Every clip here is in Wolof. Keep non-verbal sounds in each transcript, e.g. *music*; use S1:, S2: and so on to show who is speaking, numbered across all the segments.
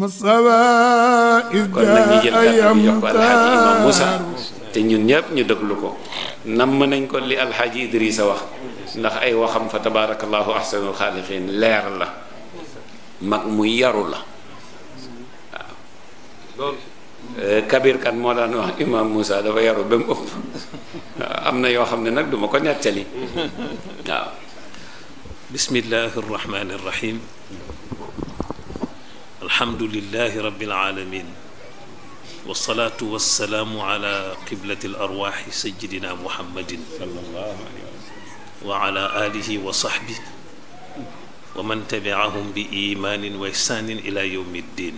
S1: kon nag ñu jël kàddu jox ko alxaaji imam Moussa
S2: te ñun ñëpp ñu déglu ko namm nañ ko li alxaaji Idrissa wax ndax ay waxam fa tabaarakallaahu ahsanul xaaliqiin leer la mag mu yaru la waaw eh, kabir kan moo daan wax imam Moussa dafa yaru ba mu ëpp am na yoo xam ne nag duma ko nettali waaw
S1: bismillaahi rahmaani alhamdulilahi rabbil alamin wasalaatu wasalaamu ala qiblati al arwaaxi sayidina muhammadin wa ala alihi wa saxbi wa man tabiahum bi imaanin wa ihsaanin ila yowmi ddin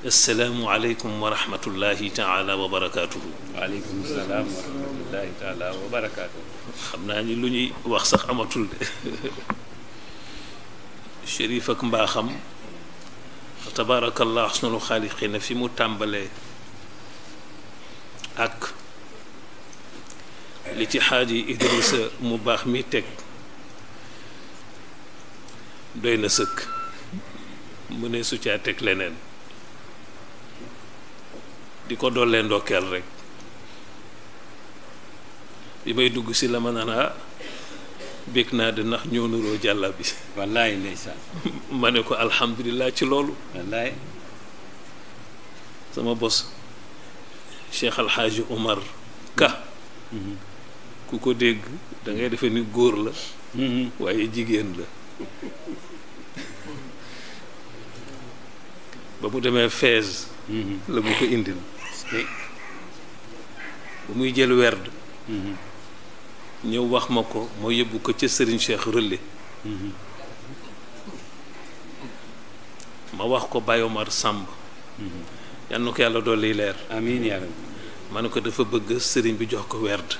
S1: asalaamu aleykum wa rahmatullahi taala wa barakaatuhu waaleykum salaam wa
S2: rahmatullahi taala wa barakaatuhu
S1: xam naa ni lu ñuy wax sax amatul de Chérif ak mbaaxam fa tabaarakallah ahsanul xaaliqiina fi mu tàmbalee ak li ci xaaji Idrissa mu baax mi teg doy na sëkk mu ne su teg leneen di ko dollee ndokkeel rek bi may dugg si la ma naan ah, bég naa de ndax ñoo nuroo jàlla bi wallaay ndeysaan *laughs* ma ne ko alhamdulilah ci loolu wallaay sama bos Cheikh Alxaaji Omar Ka mm-hmm. ku ko dégg da defe defee ni góor la mm-hmm. waaye jigéen la ba mu demee Fès mm-hmm. la mu ko indil ba muy jël werd ñëw wax ma ko moo yóbbu ko ca Serigne Cheikh Rëlle ma wax ko Baye Omar Samb yal na ko yàlla dolli leer amiin yàlla ma ne ko dafa bëgg sëriñ bi jox ko wert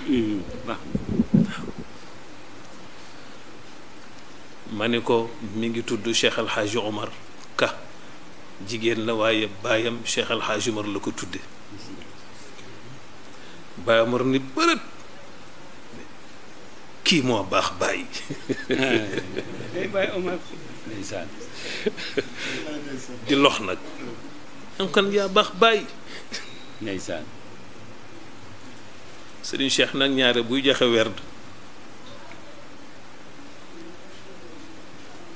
S1: ma ne ko mi ngi tudd Cheikh El Hadj Omar Ka jigéen la waaye baayam Cheikh El Hadj Omar la ko tudde Baye Omar ni bërët kii moo baax bàyyi di lox nag am kan yaa baax bàyyi ndeysaan sëriñ nag ñaare buy joxe werd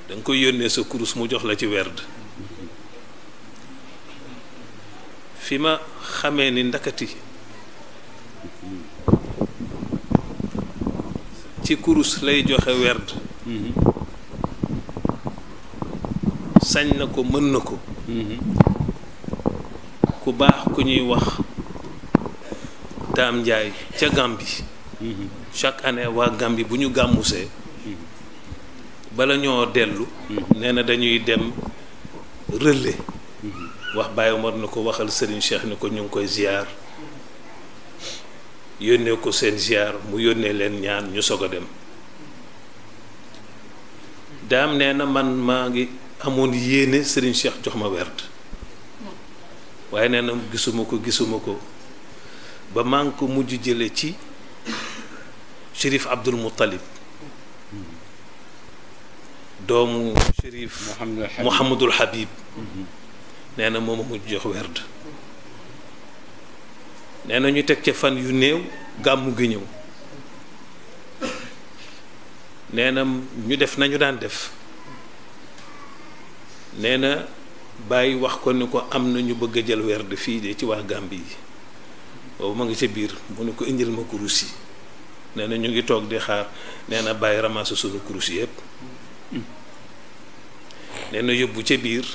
S1: danga koy yónnee sa kurus mu jox la ci werd fi ma xamee ni ndakati ci kurus lay joxe werd sañ na ko mën na ko ku baax ku ñuy wax daam njaay ca Gàmbi chaque année waa Gàmbi bu ñu gàmmusee bala ñoo dellu nee na dañuy dem relais wax Baye Omar na ko waxal Serigne Cheikh ni ko ñu ngi koy ziar yónnee ko seen ziar mu yónnee leen ñaan ñu sog a dem daam nee na man maa ngi amoon yéene Serigne Cheikh jox ma werd waaye nee na gisuma ko gisuma ko ba maa ngi ko mujj jële ci Chérif Abdul Muttalib doomu Chérif Mouhamadul Habib nee na moom a mujj jox werd nee na ñu teg ca fan yu néew gàmmu gi ñëw nee na ñu def nañu daan def nee na bàyyi wax ko ni ko am na ñu bëgg a jël werd fii de ci wax Gàmbi yi boobu ma ngi ca biir mu ne ko indil ma kurus yi nee na ñu ngi toog di xaar nee na bàyyi ramasse suñu kurus yëpp nee na yóbbu ca biir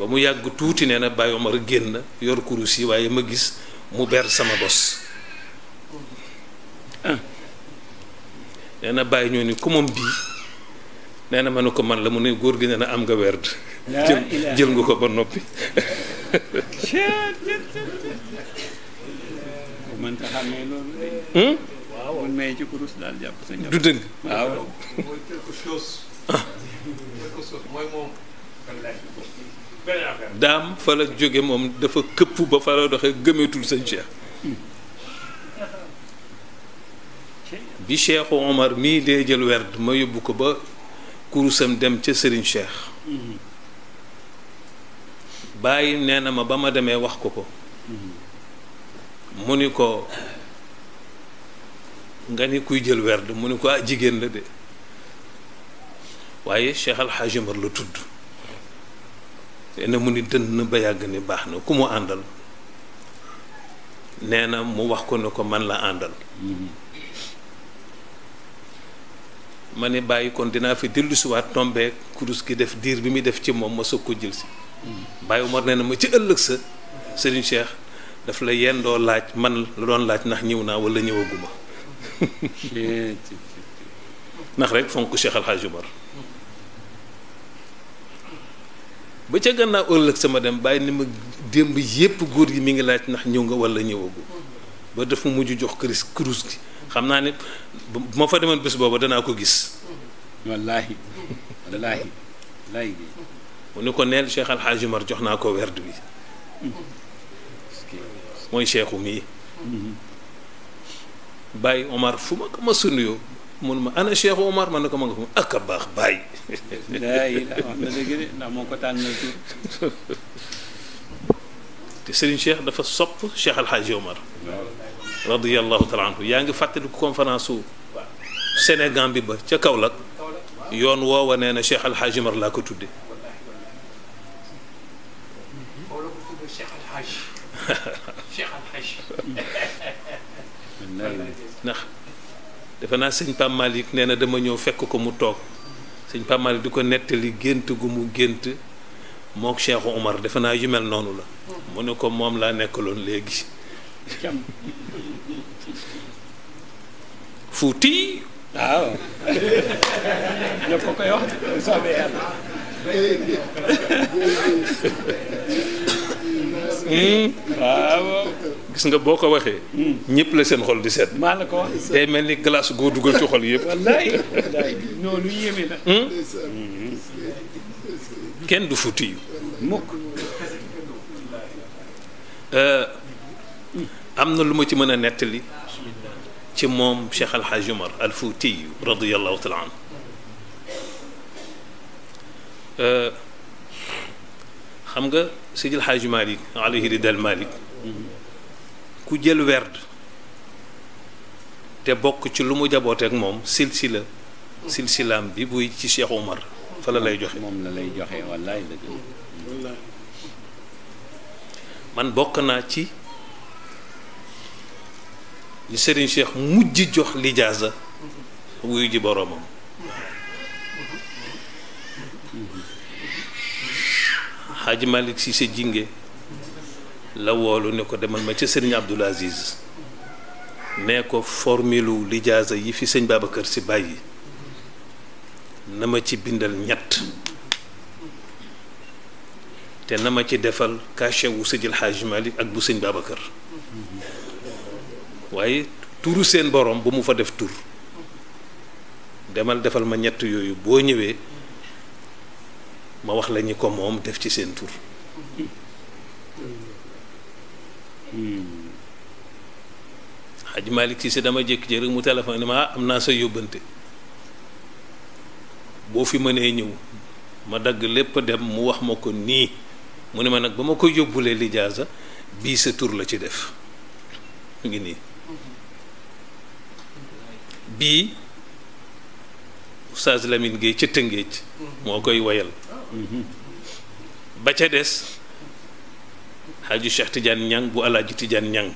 S1: ba mu yàgg tuuti nee na Baye Omar génn yor kurus yi waaye ma gis mu ber sama bos nee na Baye ñoo ni ku moom bii nee na ma ne ko man la mu ne góor gi nee na am nga werd jël jël nga ko ba noppi
S2: hmm? du dëgg
S1: daam fa la jóge moom dafa këpp ba fa la doxee gëmeetul sëñ Cheikh bi Cheikh Omar mii dee jël werd ma yóbbu ko ba kurusam dem ca sëriñ Cheikh bàyyi nee na ma ba ma demee wax ko ko mu ni ko nga ni kuy jël werd mu ni ko ah jigéen la de waaye Cheikh Alxaaji Omar la tudd nee na mu ni dënn ba yàgg ni baax na ku mu àndal nee na mu wax ko ne ko man la àndal ma ne bàyyi kon dinaa fi dellusiwaat tombeek kurus gi def diir bi muy def ci moom ma soog ko jël si bàyyi Umar nee na ma ci ëllëg sa Serigne Cheikh daf la yendoo laaj man la doon laaj ndax ñëw naa wala ñëwaguma ndax rek fonk Cheikh Al ba ca gannaaw ëllëg sama dem bàyyi ni ma démb yépp góor gi mi ngi laaj ndax ñëw nga wala ñëwagoo ba dafa ma mujj jox këris kurus gi xam naa ne ma fa demoon bés booba danaa ko gis. wallaahi wallaahi wallaahi. mu ni ko neel Cheikh Al Umar jox naa ko werd bi mooy cheikhu mii. Mhm. Baye Omar fu ma ko ma sunuyoo mun ma ana Cheikh Omar man ne ko ma nga fa a baax bàyyi. wax
S2: na moo ko tànnal tur.
S1: te Serigne Cheikh dafa sopp Cheikh Al Hadj Omar. radiyallahu taala anhu yaa ngi fàttali conférence su ca bi ba ca Kaolack yoon woowa nee na Cheikh Al Hadj Omar laa ko tudde
S2: *laughs*
S1: defe naa sëñ Pape Malick nee na dama ñëw fekk ko mu toog sëñ Pape Malick di ko nettali gént gu mu gént mook Cheikh Omar defe naa yu noonu la mm. mu ne ko moom laa nekkaloon léegi fuuti waaw gis nga boo ko waxee. Hmm. la seen xol di seet. maa la ko wax day mel ni glace goo dugal ci xol yëpp.
S2: wallaay wallaay non lu yéeme la. Hmm?
S1: kenn du futi mukk euh, am na lu ma ci mën a nettali ci moom Cheikh Al Hadj Umar Al Fuuti radiyallahu taala anhu euh, xam nga Seydi El Hadj Malick alayhi ridal Malick hmm. ku jël werd te bokk ci lu mu jabooteek moom silsila silsilaam bi buy ci Cheikh Umar fa la lay joxe moom la lay joxe wallaay man bokk naa ci li Serigne Cheikh mujj jox lijaasa wuyu ji boroomam Xaaji Malik si sa jinge la woolu ne ko demal ma ci sëriñ Abdoul Aziz nee ko formilu lijaasa yi fi sëñ Babacar si bàyyi na ma ci bindal ñett te na ma ci defal cachet wu sëjël Hadj Malick ak bu sëñ Babacar waaye turu seen borom bu mu fa def tur demal defal ma ñett yooyu boo ñëwee ma wax la ñi ko moom def ci seen tur xaj hmm. Malick si dama jekk jékki mu téléphone ni ma ah, am naa sa yóbbante boo fi mënee ñëw ma dagg lépp dem mu wax ma ko nii mu ne ma nag ba ma ko yóbbulee lijaasa bii sa tur la ci def ngi nii bii Oustaz Lamine Gueye ca Tëngéej hmm. moo koy woyal hmm. ba ca des Haji Cheikh Tidiane Niang bu Alaaji Tidiane Niang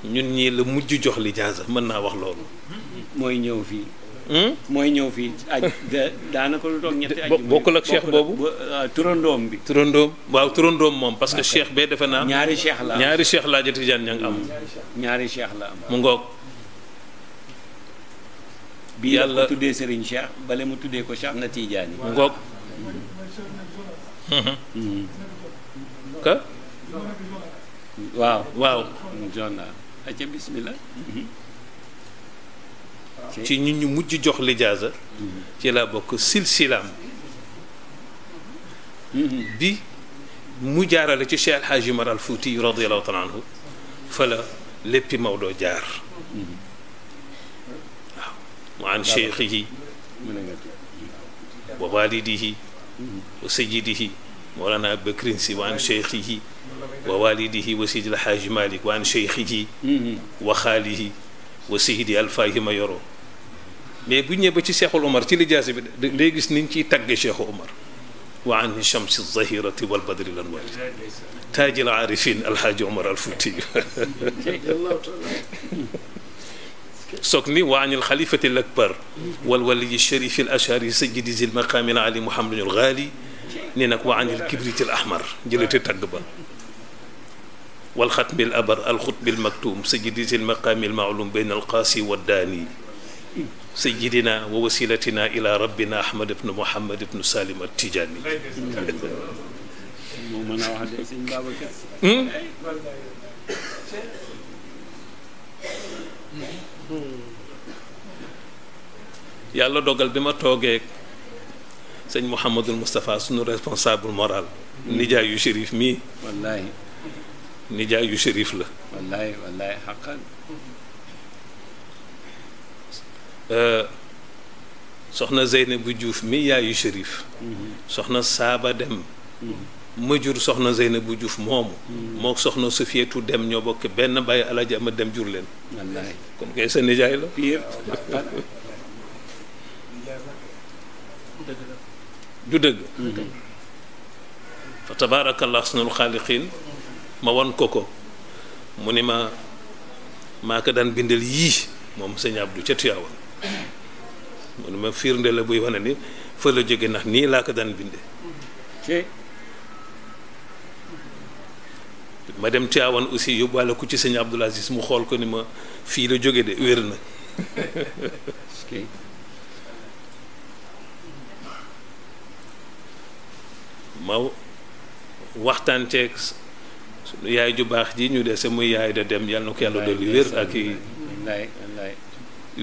S1: ñun ñii la mujj jox lijaasa mën naa wax loolu. mooy ñëw fii. Hmm? mooy ñëw fii aj daanaka lu toog
S2: ñetti aj boobu ah, turandoom
S1: bi turandoom waaw turandoom moom parce que cheikh bee defe naa ñaari cheikh la ñaari cheikh laa jëti jaan ña am
S2: ñaari cheikh la am mu ngoog bi yàlla tuddee Serigne Cheikh bale mu tuddee ko Cheikh na Tidiane mu ngoog Mm-hmm. que waaw waaw mm-hmm. journal aca bismillah mm-hmm. ci
S1: ñu ñu mujj jox lijaasa ci la bokk silsilaam bi mu jaarale ci Cheikh Alxaaji Umar al Fuuti radiyallahu taala anhu fa la léppi Maodo jaar
S2: waaw mu an cheikhihi
S1: wa walidihi wa sajidihi mawlana bakrin si wa an cheikhihi wa walidihi wa sidi alxaaji malik wa an cheikhihi wa xaalihi wa sidi alfahima yoro mais bu ñëwee ba ci cheikhul omar ci lijaasa bi day gis niñ ciy tagge cheikhu omar wa an chamsi zahirati wal badri lan wali taajil arifin alxaaji omar alfuuti *laughs* sokni wa an alxalifati al akbar walwaliyi sharif al ashari sayyidi zil maqaami al ali muhammadin al ghali ni nag wa an al kibriti al ahmar jëlate tagg ba walxatmi al abar alxutbi al maktum sayyidi zil maqaami al maalum bayn al qaasi wa daani sayyidina wa wasilatina ila rabbina ahmad ibnu muhammad ibnu salim al tijaani moo mën a wax de
S2: sëñ Babacar
S1: hmm? yàlla dogal bi ma toogee sëñ Mouhamadul Moustapha sunu responsable moral.
S2: Hmm. nijaayu
S1: yu shérif mii. wallaay nijaay yu shérif la.
S2: wallaay wallaay
S1: euh, soxna Zeynab bu juuf mi yaayu shérif. Hmm. soxna Saaba Dem. Hmm. ma jur soxna bu Juuf moomu mm-hmm. moo soxna Sufiyatu dem ñoo bokk benn bàyyi alaji ama dem jur leen kon kay sa nijaay la pire du dëgg fa tabaarakallah sunul xaaliqiin ma won ko ko mu ni ma maa ko daan bindal yii moom sëñ Abdou ca Tiwaawan mu ni ma firnde la buy wane ni fa la jóge ndax nii laa ko daan binde ma dem Tivaouane aussi yóbbaale ku ci sëñ Abdoul Aziz mu xool ko ni ma fii la jóge de wér na *laughs* ma waxtaan ceeg sunu yaay ju baax ji ñu dese muy yaay da dem yàlla na ko yàlla dolli wér ak i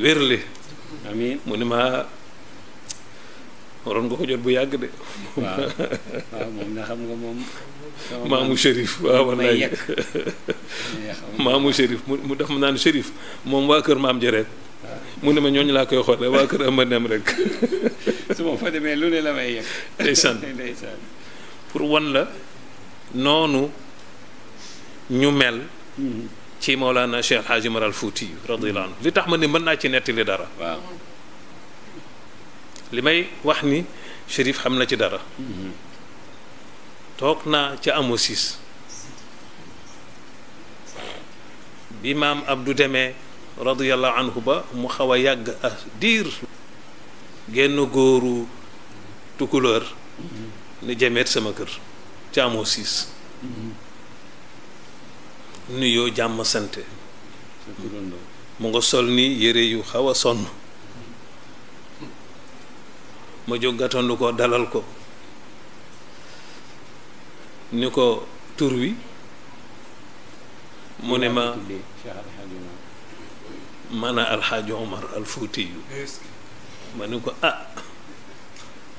S1: wér li mu ni ma waroon nga ko jot bu yàgg de
S2: waaw moom na xam nga moom maamu shérif waaw wallaay *laughs* maamu
S1: shérif mu mu daf ma naan shérif moom waa kër maam jëreet mu ne ma ñooñu laa koy xoole waa rek
S2: *laughs* su ma fa demee lu ne la may yëg *laughs* ndeysaan
S1: pour wan la noonu ñu mel mm-hmm. ci Mawlana Cheikh Hadji Omar Al Fouti radiyallahu anhu li tax ma ne mën naa ci nettali dara waaw li may wax ni shérif xam na ci dara mm-hmm. toog naa ca amosis bi maam ab du demee radiyallahu anhu ba mu xaw a yàgg a diir genn góoru tukulóor ni jameet sama kër ca siis nuyoo jàmm sante mu nga sol ni yére yu xaw a sonn ma jóg ko dalal ko ni ko tur wi mu ne ma maanaa alxaaji omar alfuuti yu ma ni ko ah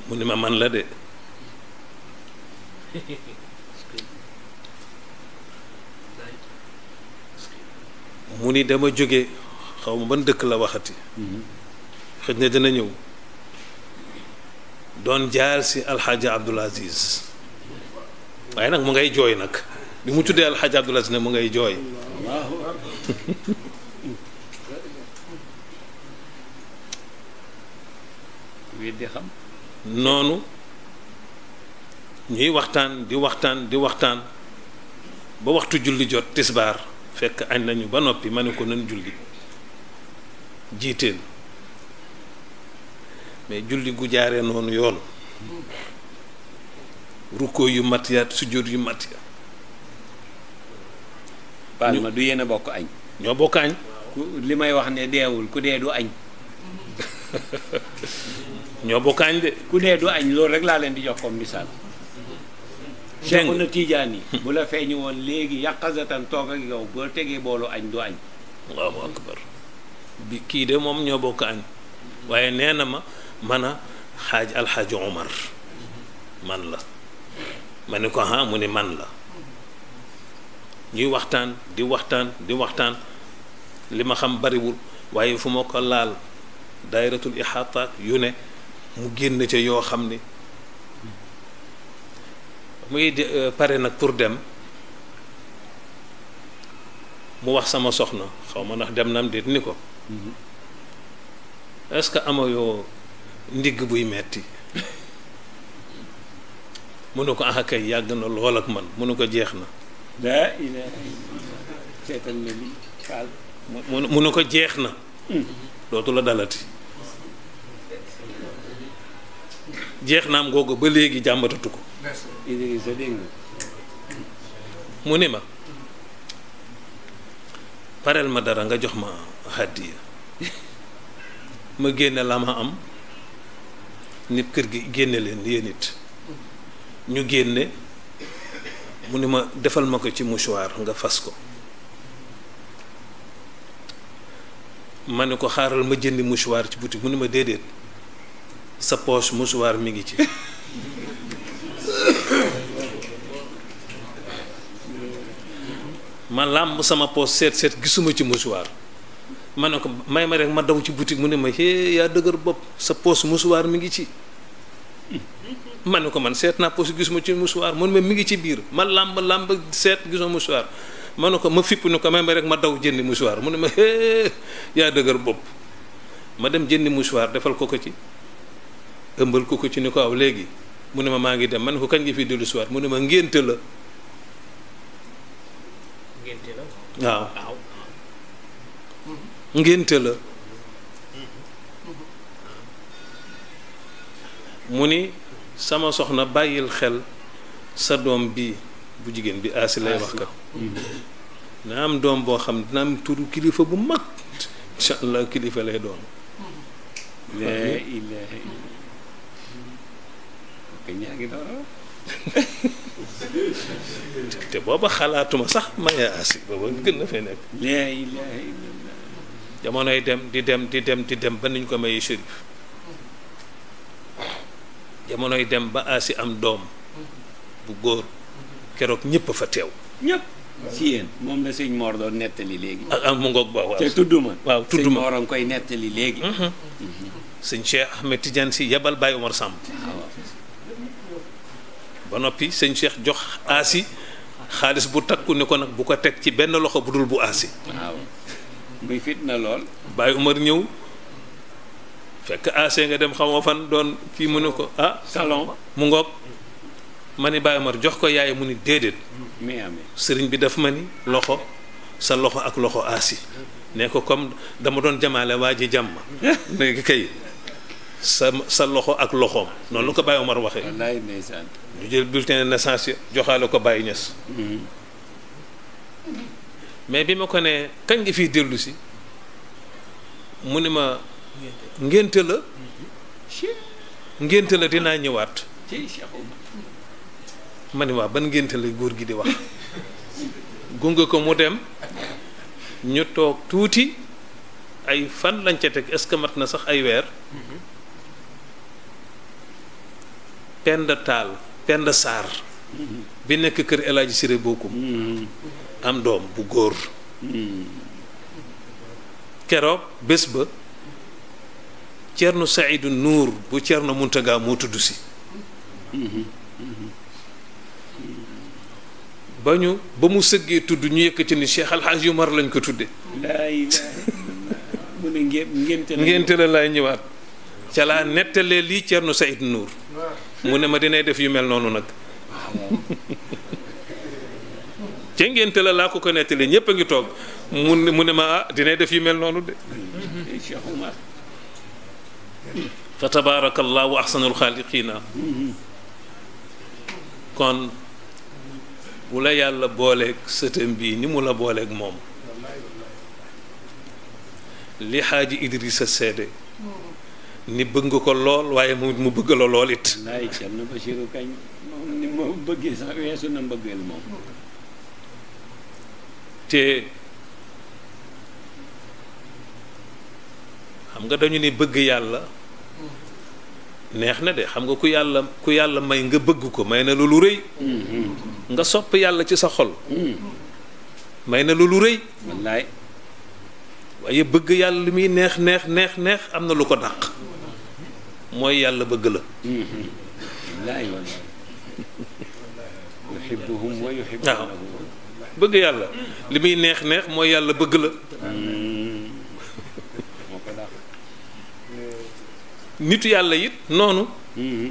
S1: mu ne ma man la de mu ni dama jóge xaw ma ban dëkk la waxati xëj na dina ñëw doon jaar si alxaaji abdul aziz waaye nag mu ngay jooy nag bi mu tuddee alxaaj Abdul Aziz ne mu ngay jooy weddi xam noonu ñuy waxtaan di waxtaan di waxtaan ba waxtu julli jot tisbaar fekk añ nañu ba noppi ma ne ko nan julli jiiteel mais julli gu jaaree noonu yoon rukkoo yu mat ya sujjóot yu mat ya
S2: baal ma du yéen a bokk añ ñoo bokk añ li may wax ne deewul ku dee du añ *laughs* ñoo bokk añ de ku dee du añ loolu rek laa leen di jox comme misaal seexu na tiijaan yi bu la feeñu woon léegi yàqasatan toog ak yow boo tegee boolu añ du añ allahu akbar
S1: kii de moom ñoo bokk añ waaye nee na ma man a xaaj alxaaji Omar man la ma ne ko ah mu ne man la ñuy waxtaan di waxtaan di waxtaan li ma xam bariwul waaye fu ma ko laal i ixaataak yu ne mu génn ca yoo xam ni muy euh, pare nag pour dem mu wax sama soxna xaw ma ndax dem nam déet ni ko
S2: mm-hmm.
S1: est-ce que ama yoo ndigg buy metti mu ne ko ah yàgg na lool man mu ne jeex na.
S2: daa ilaaha ko
S1: jeex na. dootu la dalati. jeex na am ba léegi jàmbatatu ko. ni ma pareel ma dara nga jox ma hàddiya ma génne la ma am nit kër gi génne leen yéen ñu génne mu ni ma defal ma ko ci mouchoir nga fas ko ma ne ko xaaral ma jëndi mouchoir ci boutique mu ni ma déedéet sa poche mouchoir mi ngi ci ma làmb sama poos seet seet gisuma ci mouchoir ma ne ko may ma rek ma daw ci boutique mu ne ma hee yaa dëgër bopp sa poche mouchoir mi ngi ci ma ne ko man seet naa poche gisuma ci mouchoir mun ma mu ngi ci biir ma làmb làmb seet gisuma mouchoir ma ne ko ma fipp ni ko même rek ma daw jëndi musuwaar mu ne ma hee yaa dëgër bopp ma dem jëndi musuwaar defal ko ko ci ëmbal ko ko ci ni ko aw léegi mu ne ma maa ngi dem ma man ko kañ gi fi dellu si mu ne ma ngénte la. ngénte la waaw. ngénte la
S2: mm-hmm.
S1: mu ni. sama soxna bàyyil xel sa doom bi bu jigéen bi aasi lay wax kat na am doom boo xam dina am turu kilifa bu mag incha allah kilifa lay doon *laughs* te booba xalaatuma sax maye asi booba gën na fee nekk jamonoy dem di dem di dem di dem ba niñ ko maye shérif jamonoy dem ba aasi am doom bu góor keroog ñëpp fa teew
S2: ñëpp ci yéen moom la sëñ Mor doon nettali léegi
S1: ah, ah mu ngoog ba waaw te tudd ma waaw tudd ma sëñ koy nettali léegi mhm.
S2: Mhm.
S1: sëñ Cheikh Ahmed Tidiane si yebal Baye Omar Samb ah, ba noppi sëñ Cheikh jox aasi xaalis bu takku ni ko nag bu ko teg ci benn loxo bu dul bu aasi ah, waaw fitna lool Baye Omar ñëw fekk AC nga dem xamoo fan doon fii mu ne ko ah salon mu ngoog ma ni Baye Omar jox ko yaay mu ni déedéet sëriñ bi daf ma ni loxo sa loxo ak loxo aasi ne ko comme dama doon jamaale waa ji jàmm léegi kay sa sa loxo ak loxoom noonu lu ko Baye Omar waxee ñu jël bulletin de naissance joxaale ko Baye Niass mm-hmm. mais bi ma ko ne kañ nga fiy dellu si mu ni ma ngénte la ngénte la dinaa ñëwaat ma ban ngénte la góor gi di wax gunge ko mu dem ñu toog tuuti ay fan lañ ca teg est-ce que mat na sax ay weer pend taal pend saar bi nekk kër El Hadj Siré am doom bu góor mm. keroog bés ba Thierno Seydou nuur bu Thierno Mountaga moo tudd si ba ñu ba mu sëggee tudd ñu yëkkati ni Cheikh Alhaaj Umar lañ ko tudde ngénte la laay ñëwaat ca laa nettalee lii Thierno Seydou Nour mu ne ma dinay def yu mel noonu nag ca ngénte la laa ko ko nettalee ñépp a ngi toog mu ne ma ah dinay def yu mel noonu de fa tabaarakallaahu axsanul xaaliqiina kon bu la yàlla booleeg sëtam bii ni mu la booleeg moom li xaaji Idrissa seede ni bëgg nga ko lool waaye moom it mu bëgg la lool it. te xam nga dañu ni bëgg yàlla. neex na de xam nga ku yàlla ku yàlla may nga bëgg ko may na lu lu rëy mm-hmm. nga sopp yàlla ci sa xol
S2: mm-hmm.
S1: may na lu rëy wallaay waaye bëgg yàlla li muy neex neex neex neex am na lu ko dàq mooy yàlla bëgg la mm-hmm. waaw bëgg yàlla li muy neex neex mooy yàlla bëgg la nitu yàlla it noonu mm-hmm.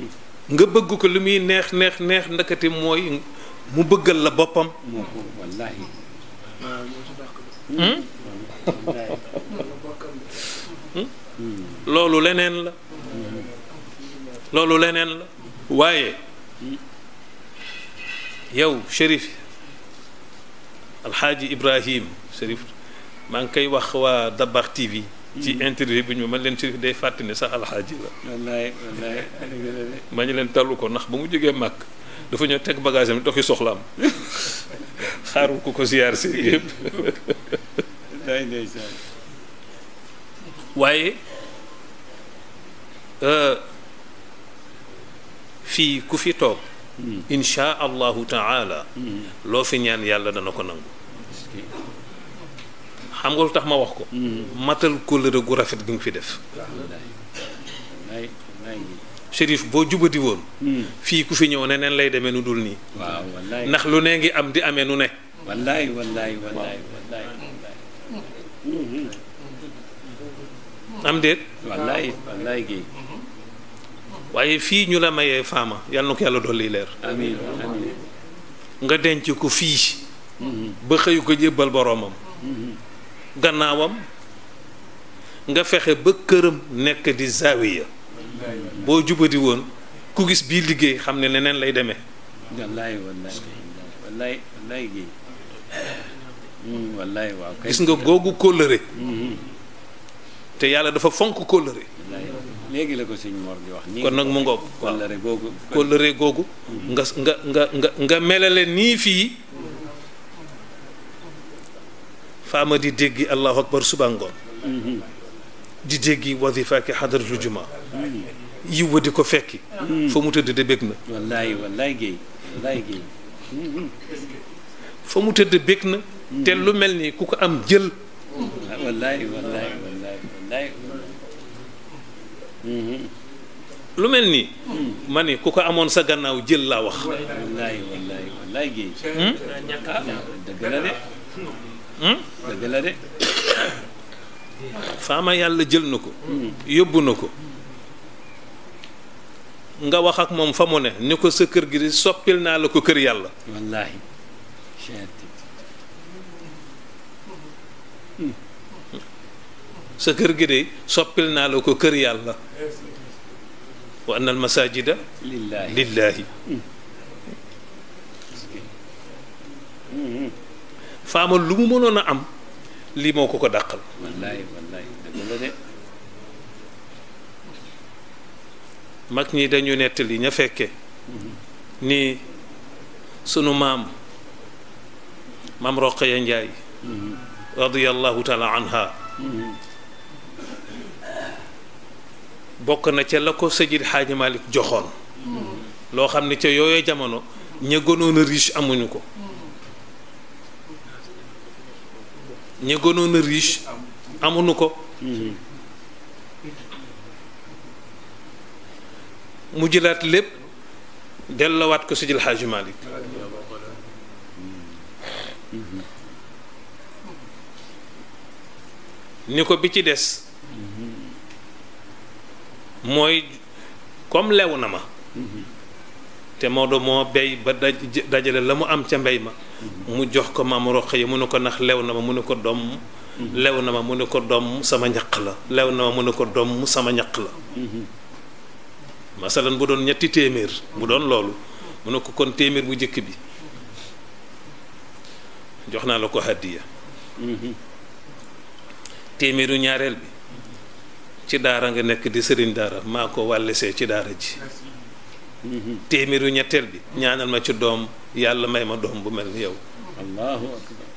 S1: nga bëgg ko li muy neex neex neex ndakati mooy mu bëggal la boppam hmm? Hmm? loolu leneen la mm-hmm. loolu leneen la waaye mm-hmm. yow shérif alxaaji ibrahim shérif maa ngi koy wax waa Dabakh TV ci interview bi ñu man leen si day fàtte ne sax alxaaji
S2: la.
S1: ma ñu leen tallu ko ndax ba mu jógee màkk dafa ñëw teg bagage am doxi soxlaam xaarul ko ko ziar si yëpp.
S2: waaye euh,
S1: fii ku fi toog. Hmm. insha allahu ta'ala. Hmm. loo fi ñaan yàlla dana ko nangu. xam nga lu tax ma wax ko. Mm. matal kóllëre gu rafet gi nga fi def. Chérif boo jubati woon. Mm. fii ku fi ñëw ne neen lay demee nu dul nii. ndax lu ne ngi am di ame nu ne. wallaay wallaay wallaay
S2: wallaay mm-hmm. am déet. wallaay wallaay
S1: waaye fii ñu la mayee faama yal na ko yàlla dolli leer. nga denc ko fii. Mm-hmm. ba xëyu ko jébbal boroomam. Mm-hmm. gannaawam nga fexe ba këram nekk di zawiya boo jubadi woon ku gis bii liggéey xam ne leneen lay demee.
S2: wallaay wallaay wallaay wallaay hmm, waaw kay gis nga googu
S1: kóllëre. Hmm. te yàlla dafa fonk kóllëre.
S2: léegi la ko sëñ Mor di wax. kon nag mu ngoog. kóllëre
S1: kóllëre googu. Hmm. nga nga nga nga nii fii. faama di dégg allahu akbar suba ngoon di déggi wazifaaki xadaratul juma yiw di ko fekki fa mu tëdd de bég na mu tëdd bég na te lu mel nii ku ko am jël lu mel nii mane ne ku ko amoon sa gannaaw jël laa wax dëgg faama yàlla jël na ko yóbbu na ko nga wax ak moom fa mu ne ni ko sa kër gi di soppil naa la ko kër yàlla wallaahi sa kër gi de soppil naa la ko kër yàlla wa anna al masajida lillaahi faama lu mu mënoon a am lii moo ko ko dàqal. mag ñi dañu nettali ña fekke mm-hmm. ni sunu maam maam Roqaya Njaay mm-hmm. radiyallahu taala anha mm-hmm. bokk na ca la ko Seydi Xaaji joxoon loo xam ne ca yooyee jamono ña gënoon a riche amuñu ko ñu gënoon a riche amuñu ko mu jëlaat lépp dellowaat ko Sidil Hadji Malick ni ko bi ci des mooy comme lew na ma te Maodo moo béy ba daj dajale la mu am ca mbéy ma mu jox ko maam Roqe yi mu ne ko ndax lew na ma mu ne ko doom lew na ma mu ne ko doom sama ñaq la lew na ma mu ne ko doom sama ñaq la masalan bu doon ñetti téeméer bu doon loolu mu ne ko kon téeméer bu njëkk bi jox naa la ko hadiya téeméeru ñaareel bi ci daara nga nekk di sëriñ daara maa ko wàllisee ci daara ji téeméeru ñetteel bi ñaanal ma ci doom yàlla may ma doom bu mel ni yow allahu akbar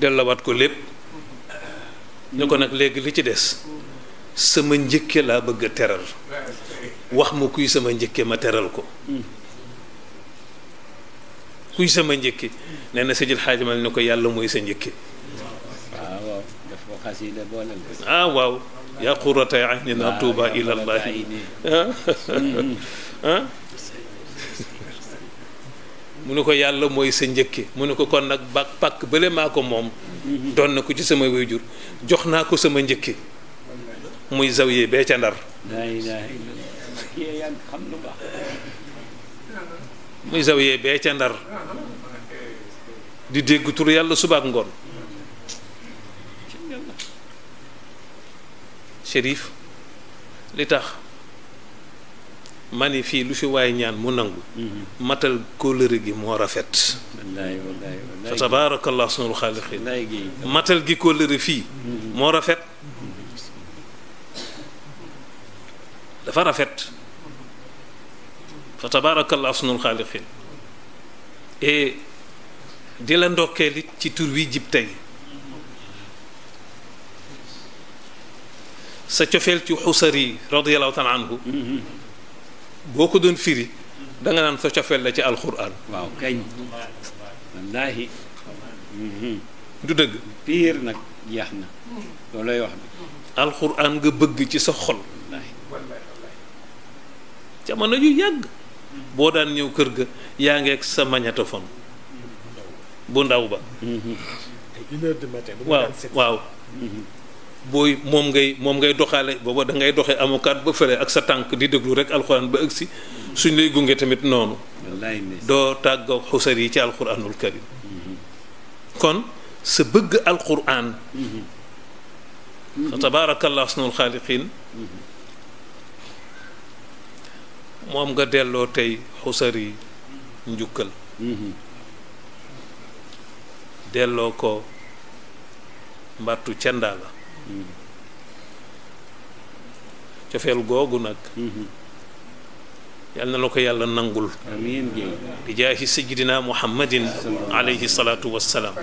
S1: delloowaat ko lépp ñu ko nag léegi li ci des sama njëkke laa bëgg a teral wax ma kuy sama njëkkee ma teral ko kuy sama njëkke nee na sëjil xaajamal ni ko yàlla mooy sa njëkke ah waaw yaa quratay aynina tuuba ilallahi ah mu ne ko yàlla mooy sa njëkki mu ne ko kon nag ba pàkk bële maa ko moom mhm. doon na ko ci sama wayjur jox naa ko sama njëkki muy zawiye bee ca ndar muy zawiye bee ca ndar di dégg yàlla subaak ngoon Chérif li tax ma ni fii lu fi waay ñaan mu nangu mhm. matal kóllëre gi moo rafet fa tabaarakallah sunul xaaliqin matal gi kóllëre fii mhm. moo rafet dafa rafet fa tabaarakallah sunul xaaliqin di la ndokkeel it ci tur wi jib tey sa cofeel ci xusari radiallahu taala boo ko
S2: doon firi da nga sa cofeel la ci alquran waaw kañ mhm. du dëgg piir nag jeex na loolay wax
S1: bi nga bëgg ci sa xol jamono yu yàgg boo daan ñëw kër ga yaa ngi ak sa magnétophone bu ndaw ba mhm. waaw booy moom ngay moom ngay doxaale booba dangay ngay doxee amukaat ba fële ak sa tànk di déglu rek alxuraan ba ëgsi suñ lay gunge tamit noonu doo tàggoog xusar yi ci alxuraanul karim kon sa bëgg alxuraan mm-hmm. tabaarakallah asnul xaaliqiin moom nga delloo tey xusar yi njukkal mm-hmm. delloo ko mbàttu candaa la Mm-hmm. cofeel googu nag mm-hmm. yàlla na la ko yàlla nangul amiin di jaahi sayyidina muhammadin alayhi salaatu wassalaam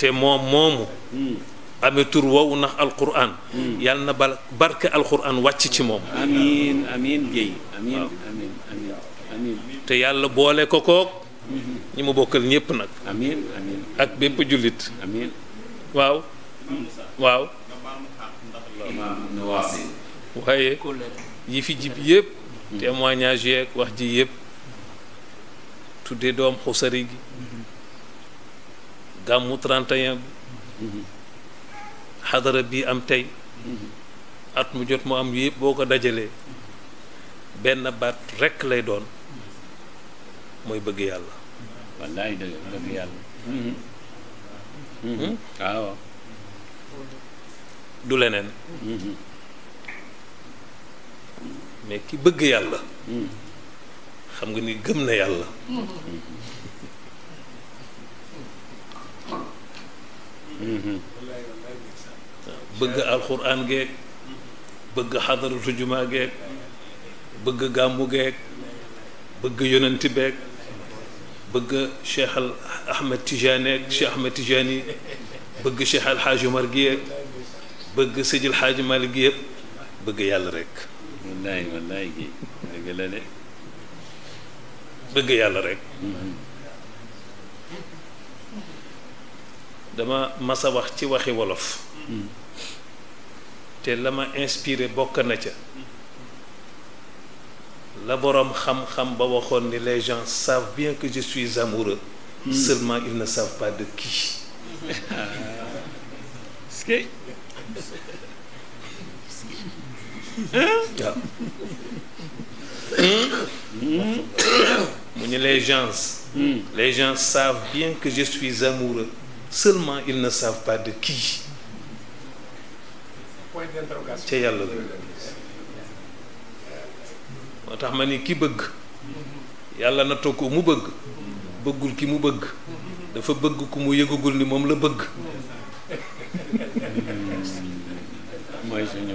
S1: te moom moomu mm. amee tur wow ndax alquran mm. yàlla na bal barke alquran wàcc ci moom
S2: amiin amiin
S1: te yàlla boole ko kook mm-hmm. ñi mu bokkal ñépp nag. amiin amiin ak bépp jullit.
S2: waaw. waaw. waaye
S1: yi fi jib yëpp. témoignage yeeg wax ji yépp tudde doom xusari gi. gàmmu 31 bi. xadara bii am tey. at mu jot mu am yëpp boo ko dajalee. benn baat rekk lay doon mooy bëgg yàlla. wallaay dëgg dëgg yàlla.
S2: Mhm. Mhm.
S1: Mhm. du leneen. mais ki bëgg yàlla. xam nga ni gëm na yàlla. bëgg alxuraan geek bëgg xadaratu jumaa geek bëgg gàmmu geek bëgg yonanti beek. bëgg Cheikh Al Ahmed Tijani ak Cheikh Ahmed Tijani bëgg Cheikh Al Hadj Omar gi ak bëgg Sëjil Hadj Malick gi yëpp bëgg yàlla rek. wallaay wallaay gi dëgg la de. bëgg yàlla rek. dama mas a wax ci waxi wolof. Hmm. te la ma inspiré bokk na ca. la boroom xam-xam ba waxoon ni les gens savent bien que je suis amoureux mmh. seulement ils ne savent pas de qui mu ñu les gens hmm. les gens savent bien que je suis amoureux seulement ils ne savent pas de qui ca yàlla la moo tax ma ni ki bëgg yàlla na toog ko mu bëgg bëggul ki mu bëgg dafa bëgg ku mu yëgagul ni moom la bëgg mooy suñu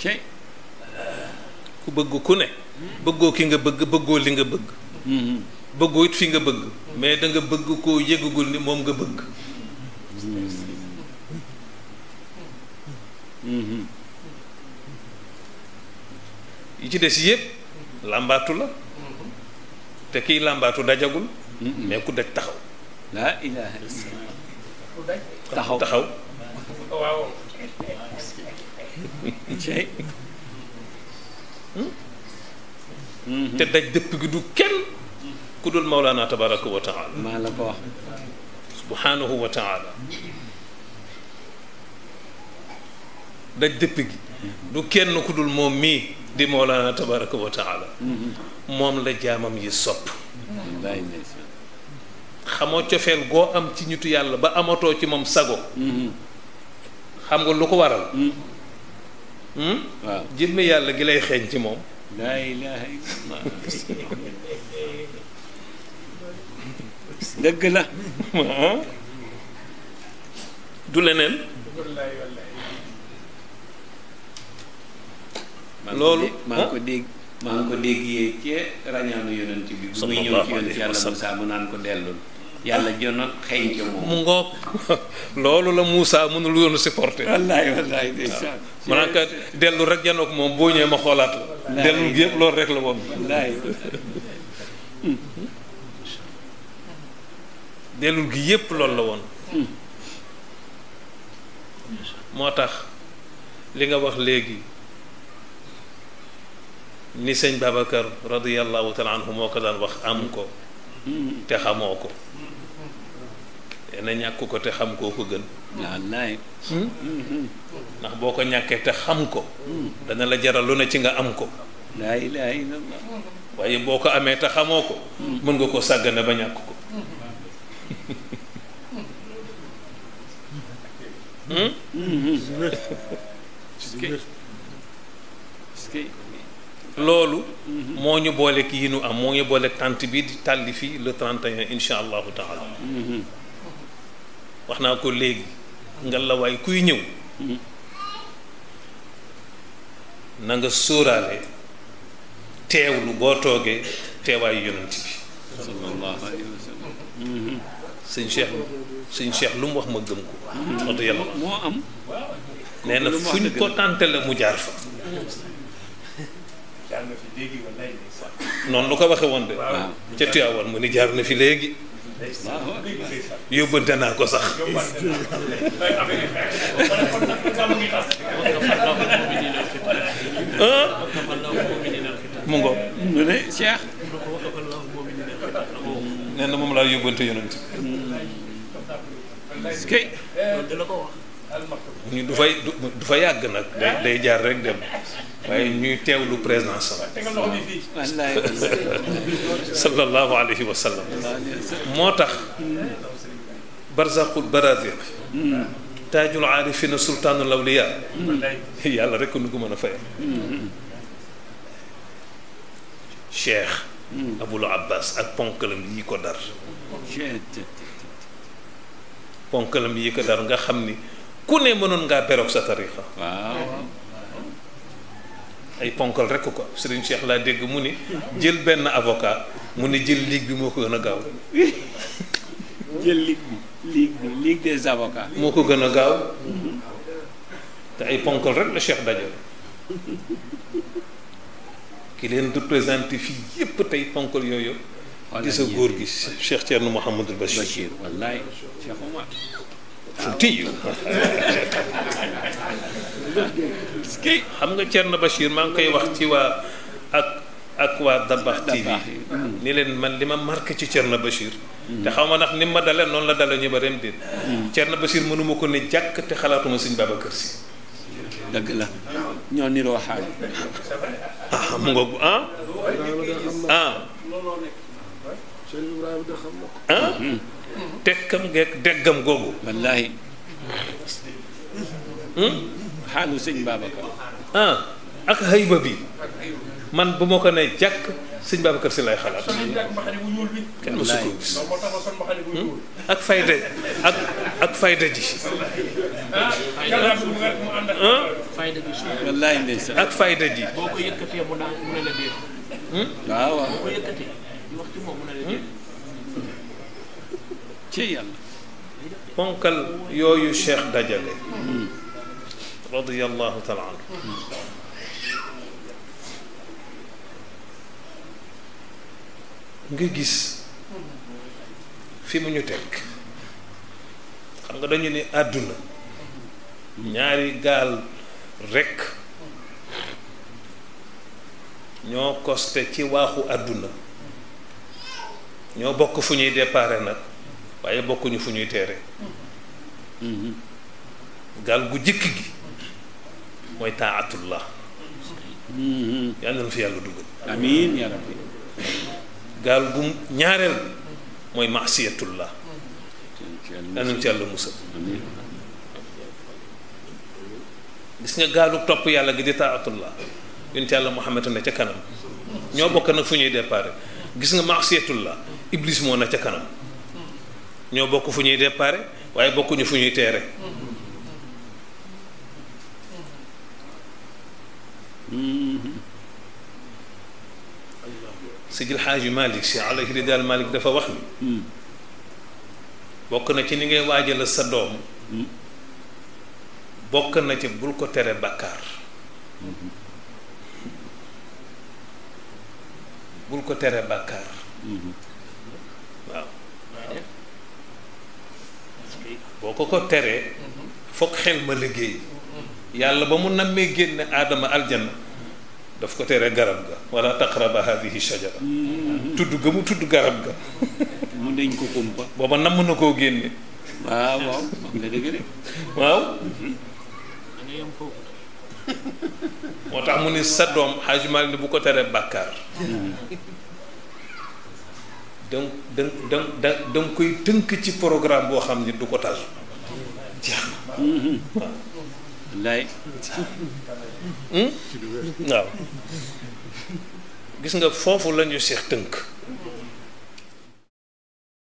S1: ci ku bëgg ku ne bëggoo ki nga bëgg bëggoo li nga bëgg mm-hmm. bëggoo it fi nga bëgg mais danga bëgg koo yëgagul ni moom nga bëgg mm-hmm. yi ci des yépp làmbaatu la te kiy làmbaatu dajagul mais ku daj taxaw
S2: taxaw taxaw waaw hmm?
S1: te daj dëpp gi du kenn ku dul mawlaana tabaraka wa taala maa daj dëpp gi du kenn ku dul moom mii di moolaana tabaraka wa taala moom la jaamam yi sopp xamoo cofeel goo am ci ñitu yàlla ba amatoo ci moom sago xam nga lu ko waral jëmme yàlla gi lay xeeñ ci moom
S2: laa ilaaha
S1: dëgg la *laughs*
S2: ah? du leneen loolu maa ngi ko dégg maa ngi ko ah? dégg yee ca rañaanu ci bi bu muy ñëw ci yàlla Moussa mu naan ko dellul ah. yàlla jono xëy ca moom mu
S1: ngoog *laughs* loolu la Moussa mënul woon supporter wallaay wallaay ndeysaan ah. maanaam dellu rek janook moom boo ñëwee ma xoolaat la loolu rek la woon wallaay *laughs* dellul gi yëpp loolu la woon hmm. moo tax li nga wax léegi ni sëñ Babacar radiyallahu taala anhu moo ko daan wax am ko te xamoo ko na ñàkk ko te xam koo ko gën
S2: ndax
S1: boo ko ñàkkee te xam ko dana la jaral lu ne ci nga am ko waaye boo ko amee te xamoo ko mën nga ko sàggane ba ñàkk ko
S2: hmm? Hmm, hmm.
S1: loolu moo ñu boole yi nu am moo ñu booleeg tant bi di tàlli fii le 31 incha allahu taala wax naa ko léegi nga lawaay kuy ñëw na nga sóoraale teewlu boo toogee teewaayu yonent bi sallallahu alayhi wa
S2: sallam sëñ
S1: Cheikh lu mu wax ma gëm ko wax yàlla moo
S2: am nee fu ñu ko
S1: tàntale mu jaar fa noonu lu ko waxe woon de waaw ah. ca Tiwaawan mu ni jaar na fi léegi yóbbante naa ko sax *laughs* ah.
S2: mu ngo mu ne Cheikh
S1: moom laa yóbbante yonent
S2: kay ñu du
S1: du fa yàgg nag day jaar rek dem waaye ñuy teewlu président sallallahu alayhi wa sallam moo tax barzaqul baraziq taajul aarifina sultaanul awliya yàlla rek nu ko mën a fay cheikh mm. abul abbas ak ponkalam yi ko dar ponkalam yi ko dar nga xam ni ku ne mënoon ngaa beroog sa tarixa ay ponkal rekk ko Serigne Cheikh laa dégg mu ni jël benn avocat mu ni jël ligue bi moo ko gën a gaaw
S2: jël moo ko gën a gaaw
S1: te ay ponkal rek la Cheikh dajal ki leen du présenté fii yépp tey ponkal yooyu di sa góor gi Cheikh Thierno Mouhamadul Bachir wallaay Cheikh *laughs* xam nga Thierno Bachir maa ngi koy wax ci waa ak ak waa Dabakh TV ni leen man li ma marqué ci Thierno Bachir te xaw ma ndax ni ma dale noonu la dale ñu ba ren déet Thierno mënuma ko ne jàkk te xalaatuma suñ Babacar Si
S2: dëgg la ñoo niroo xaal ah, ah? ah. ah?
S1: googu wallaahi
S2: hmm? xaalu sëñ Babacar
S1: ah, ak xayba bi man bu ma ko ne jàkk sëñ Babacar si lay xalaat hmm? ak fayda ak ak ah, hmm? fayda ji
S2: wallaay ndeysaan ak fayda ji hmm?
S1: ponkal yooyu Cheikh dajale radiyallahu taala anhu nga gis fi mu ñu teg xam nga dañu ni àdduna ñaari gaal rekk ñoo koste ci waaxu àdduna ñoo bokk fu ñuy déparé nag waaye bokkuñu fu ñuy teere mm-hmm. gaal gu jikk gi mooy taatullah yàlla na fi yàlla dugal amiin yaa rabbi gaal gu ñaareel mooy maasiyatullah yàlla na ci yàlla musal gis nga gaalu topp yàlla gi di taatullah yonent yàlla Muhammad na ca kanam ñoo bokk nag fu ñuy déparé gis nga maasiyatullah iblis moo na ca kanam ñoo bokk fu ñuy déparé waaye bokkuñu fu ñuy teere Sigil yu Malick si alayhi ridaal Malick dafa wax ni hmm. bokk na ci ni ngay waajal sa doom hmm. bokk na ci bul ko tere bàkkaar hmm. bul ko tere bàkkaar waaw boo ko ko teree foog xel ma liggéey yàlla ba mu nammee génne aadama aljanna daf ko tere garab ga wala taqraba hadihi shajara mm-hmm. tudd ga mu tudd garab ga mu dañ ko kumpa booba namm na koo génne waaw moo tax mu ni sa doom Haji ni bu ko teree bàkkaar da da da da da koy tënk ci programme boo xam ni du ko tal mm-hmm. wallaay waaw hmm? gis nga foofu lañu seex tënk